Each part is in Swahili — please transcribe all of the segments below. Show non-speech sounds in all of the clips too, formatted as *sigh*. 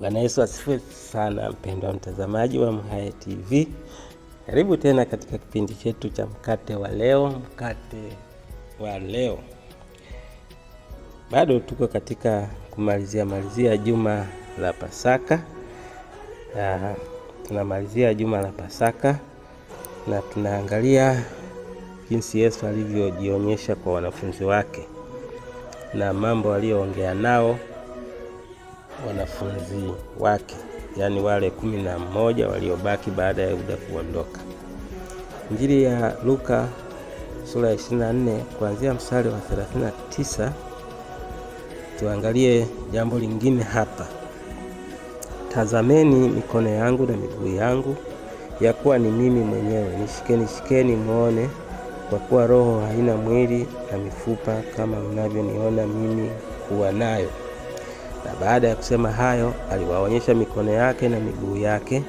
Bwana Yesu asifiwe sana, mpendwa mtazamaji wa MHAE TV, karibu tena katika kipindi chetu cha mkate wa leo. Mkate wa leo, bado tuko katika kumalizia malizia juma la Pasaka. na ah, tunamalizia juma la Pasaka na tunaangalia jinsi Yesu alivyojionyesha kwa wanafunzi wake na mambo aliyoongea nao wanafunzi wake, yaani wale kumi na mmoja waliobaki baada ya Yuda kuondoka. Injili ya Luka sura ya 24 kuanzia mstari wa 39, tuangalie jambo lingine hapa. Tazameni mikono yangu na miguu yangu, ya kuwa ni mimi mwenyewe; nishikeni shikeni, muone kwa kuwa roho haina mwili na mifupa kama mnavyoniona mimi kuwa nayo. Na baada ya kusema hayo, aliwaonyesha mikono yake na miguu yake.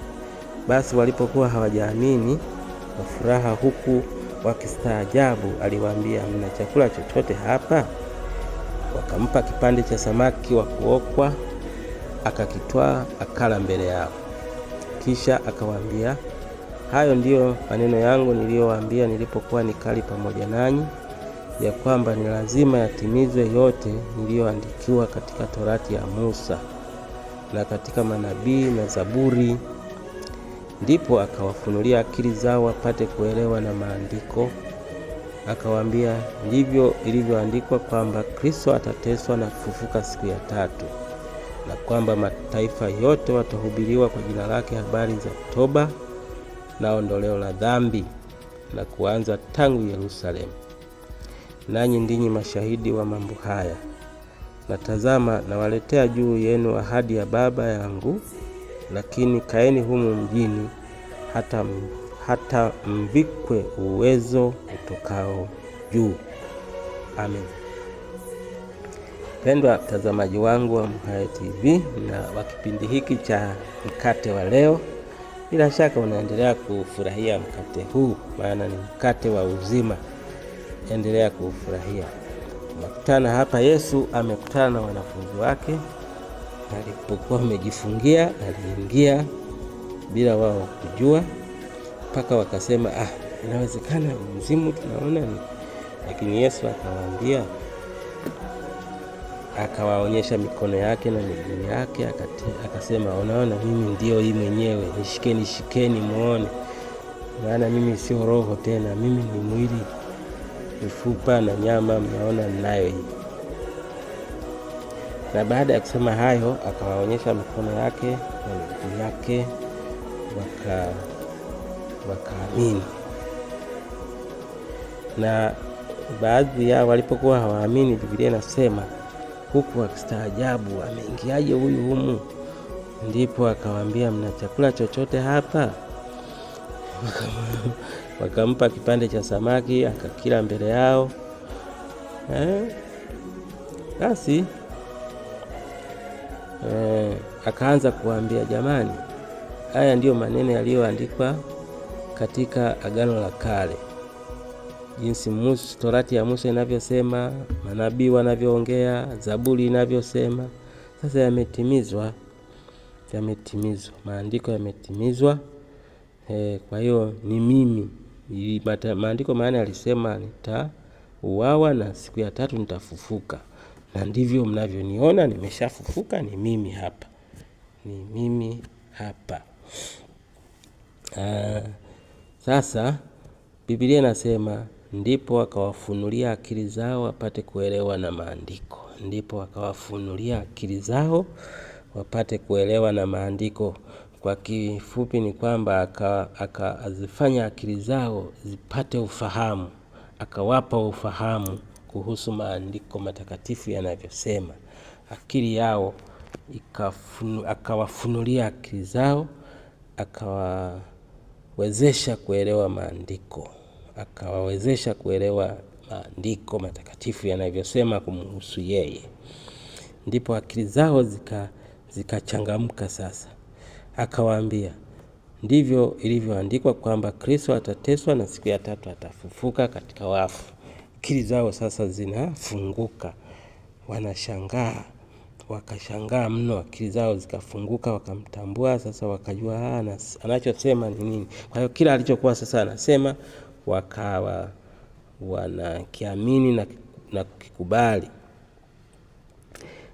Basi walipokuwa hawajaamini kwa furaha, huku wakistaajabu, aliwaambia, mna chakula chochote hapa? Wakampa kipande cha samaki wa kuokwa, akakitwaa akala mbele yao, kisha akawaambia, hayo ndiyo maneno yangu niliyowaambia nilipokuwa nikali pamoja nanyi ya kwamba ni lazima yatimizwe yote niliyoandikiwa katika Torati ya Musa na katika manabii na Zaburi. Ndipo akawafunulia akili zao wapate kuelewa na maandiko, akawaambia ndivyo ilivyoandikwa kwamba Kristo atateswa na kufufuka siku ya tatu, na kwamba mataifa yote watahubiriwa kwa jina lake habari za toba na ondoleo la dhambi, na kuanza tangu Yerusalemu nanyi ndinyi mashahidi wa mambo haya. Na tazama, nawaletea juu yenu ahadi ya Baba yangu, lakini kaeni humu mjini hata, hata mvikwe uwezo utokao juu. Amen. Pendwa mtazamaji wangu wa MHAE TV na wa kipindi hiki cha mkate wa leo, bila shaka unaendelea kufurahia mkate huu, maana ni mkate wa uzima endelea kuufurahia. Nakutana hapa, Yesu amekutana na wanafunzi wake. Alipokuwa wamejifungia, aliingia bila wao kujua, mpaka wakasema ah, inawezekana mzimu, tunaona ni lakini Yesu akawaambia, akawaonyesha mikono yake na miguu yake, akasema, unaona mimi ndio hii mwenyewe, nishikeni, shikeni muone, maana mimi sio roho tena, mimi ni mwili mifupa na nyama, mnaona ninayo hii. Na baada ya kusema hayo, akawaonyesha mikono yake na miguu yake, waka wakaamini. Na baadhi yao walipokuwa hawaamini, Biblia inasema huku wakistaajabu, ameingiaje huyu humu? Ndipo akawaambia, mna chakula chochote hapa? *laughs* wakampa kipande cha samaki akakila mbele yao eh. Basi eh, akaanza kuambia jamani, haya ndiyo maneno yaliyoandikwa katika Agano la Kale, jinsi Musa, torati ya Musa inavyosema, manabii wanavyoongea, Zaburi inavyosema. Sasa yametimizwa, yametimizwa, maandiko yametimizwa. E, kwa hiyo ni mimi. Maandiko maana alisema nitauawa na siku ya tatu nitafufuka, na ndivyo mnavyoniona nimeshafufuka. Ni mimi hapa, ni mimi hapa. Aa, ah, sasa Biblia inasema ndipo akawafunulia akili zao wapate kuelewa na maandiko. Ndipo akawafunulia akili zao wapate kuelewa na maandiko. Kwa kifupi ni kwamba akazifanya akili zao zipate ufahamu, akawapa ufahamu kuhusu maandiko matakatifu yanavyosema. Akili yao akawafunulia akili zao, akawawezesha kuelewa maandiko, akawawezesha kuelewa maandiko matakatifu yanavyosema kumhusu yeye, ndipo akili zao zikachangamka. Zika sasa akawaambia, ndivyo ilivyoandikwa kwamba Kristo atateswa na siku ya tatu atafufuka katika wafu. Akili zao sasa zinafunguka, wanashangaa wakashangaa mno, akili zao zikafunguka, wakamtambua sasa, wakajua ah, anachosema ni nini. Kwa hiyo kila alichokuwa sasa anasema wakawa wanakiamini na, na kukikubali.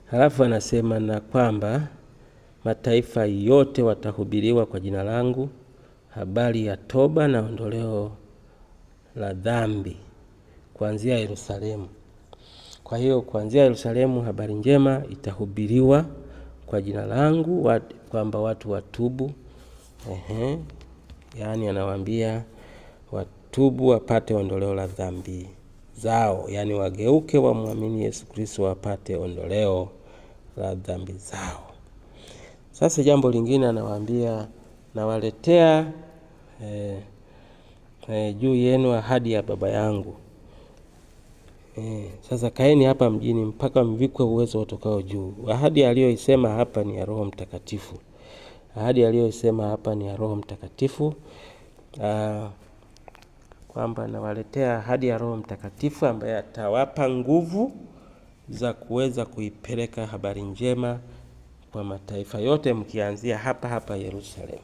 Halafu anasema na kwamba mataifa yote watahubiriwa kwa jina langu habari ya toba na ondoleo la dhambi kuanzia Yerusalemu. Kwa hiyo kuanzia Yerusalemu habari njema itahubiriwa kwa jina langu wat, kwamba watu watubu. Ehe, yaani anawaambia watubu wapate ondoleo la dhambi zao, yaani wageuke wamwamini Yesu Kristo wapate ondoleo la dhambi zao. Sasa jambo lingine anawaambia, nawaletea eh, eh, juu yenu ahadi ya Baba yangu eh, sasa kaeni hapa mjini mpaka mvikwe uwezo utokao juu. Ahadi aliyoisema hapa ni ya Roho Mtakatifu. Ahadi aliyoisema hapa ni ya Roho Mtakatifu ah, kwamba nawaletea ahadi ya Roho Mtakatifu ambaye atawapa nguvu za kuweza kuipeleka habari njema kwa mataifa yote, mkianzia hapa hapa Yerusalemu.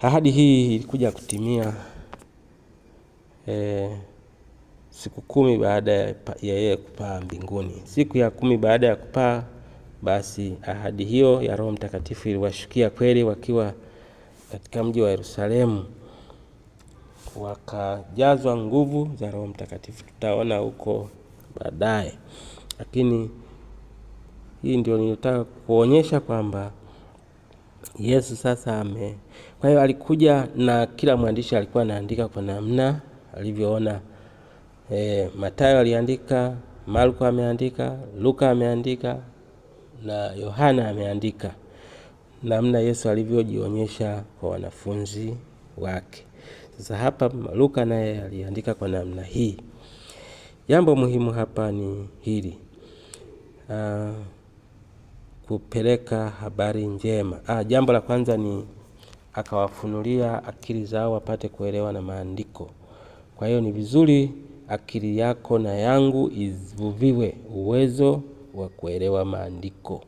Ahadi hii ilikuja kutimia eh, siku kumi baada ya yeye kupaa mbinguni. Siku ya kumi baada ya kupaa, basi ahadi hiyo ya Roho Mtakatifu iliwashukia kweli, wakiwa katika mji wa Yerusalemu wakajazwa nguvu za Roho Mtakatifu. Tutaona huko baadaye, lakini hii ndio ninataka kuonyesha kwamba Yesu sasa ame. Kwa hiyo alikuja na kila mwandishi alikuwa anaandika kwa namna alivyoona. E, Mathayo aliandika, Marko ameandika, Luka ameandika na Yohana ameandika namna Yesu alivyojionyesha kwa wanafunzi wake. Sasa hapa Luka naye aliandika kwa namna hii. Jambo muhimu hapa ni hili uh, kupeleka habari njema. Ah, jambo la kwanza ni akawafunulia akili zao wapate kuelewa na maandiko. Kwa hiyo ni vizuri akili yako na yangu ivuviwe uwezo wa kuelewa maandiko.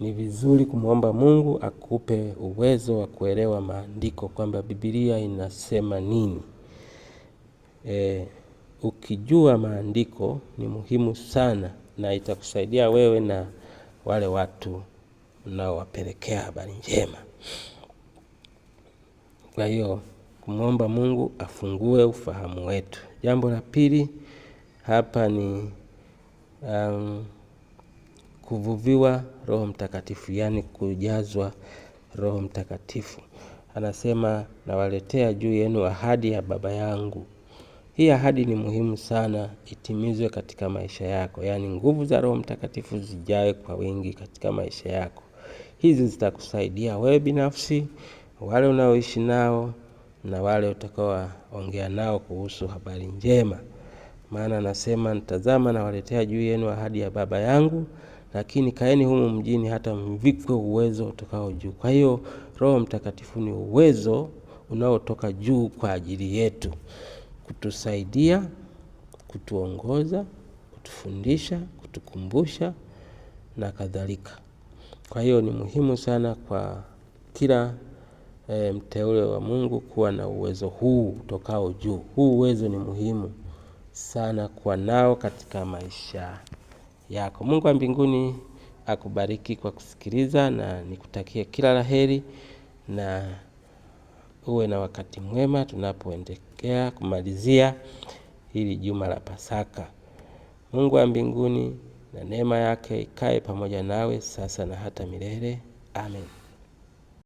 Ni vizuri kumwomba Mungu akupe uwezo wa kuelewa maandiko kwamba Biblia inasema nini. E, ukijua maandiko ni muhimu sana na itakusaidia wewe na wale watu mnaowapelekea habari njema. Kwa hiyo kumwomba Mungu afungue ufahamu wetu. Jambo la pili hapa ni um, kuvuviwa Roho Mtakatifu, yaani kujazwa Roho Mtakatifu. Anasema nawaletea juu yenu ahadi ya Baba yangu hii ahadi ni muhimu sana itimizwe katika maisha yako, yaani nguvu za Roho Mtakatifu zijae kwa wingi katika maisha yako. Hizi zitakusaidia wewe binafsi, wale unaoishi nao na wale utakaoongea nao kuhusu habari njema. Maana anasema nitazama, nawaletea juu yenu ahadi ya Baba yangu, lakini kaeni humu mjini hata mvikwe uwezo utokao juu. Kwa hiyo Roho Mtakatifu ni uwezo unaotoka juu kwa ajili yetu kutusaidia, kutuongoza, kutufundisha, kutukumbusha na kadhalika. Kwa hiyo ni muhimu sana kwa kila e, mteule wa Mungu kuwa na uwezo huu utokao juu. Huu uwezo ni muhimu sana kuwa nao katika maisha yako. Mungu wa mbinguni akubariki kwa kusikiliza na nikutakie kila laheri na uwe na wakati mwema tunapoendelea kumalizia hili juma la Pasaka. Mungu wa mbinguni na neema yake ikae pamoja nawe sasa na hata milele. Amen.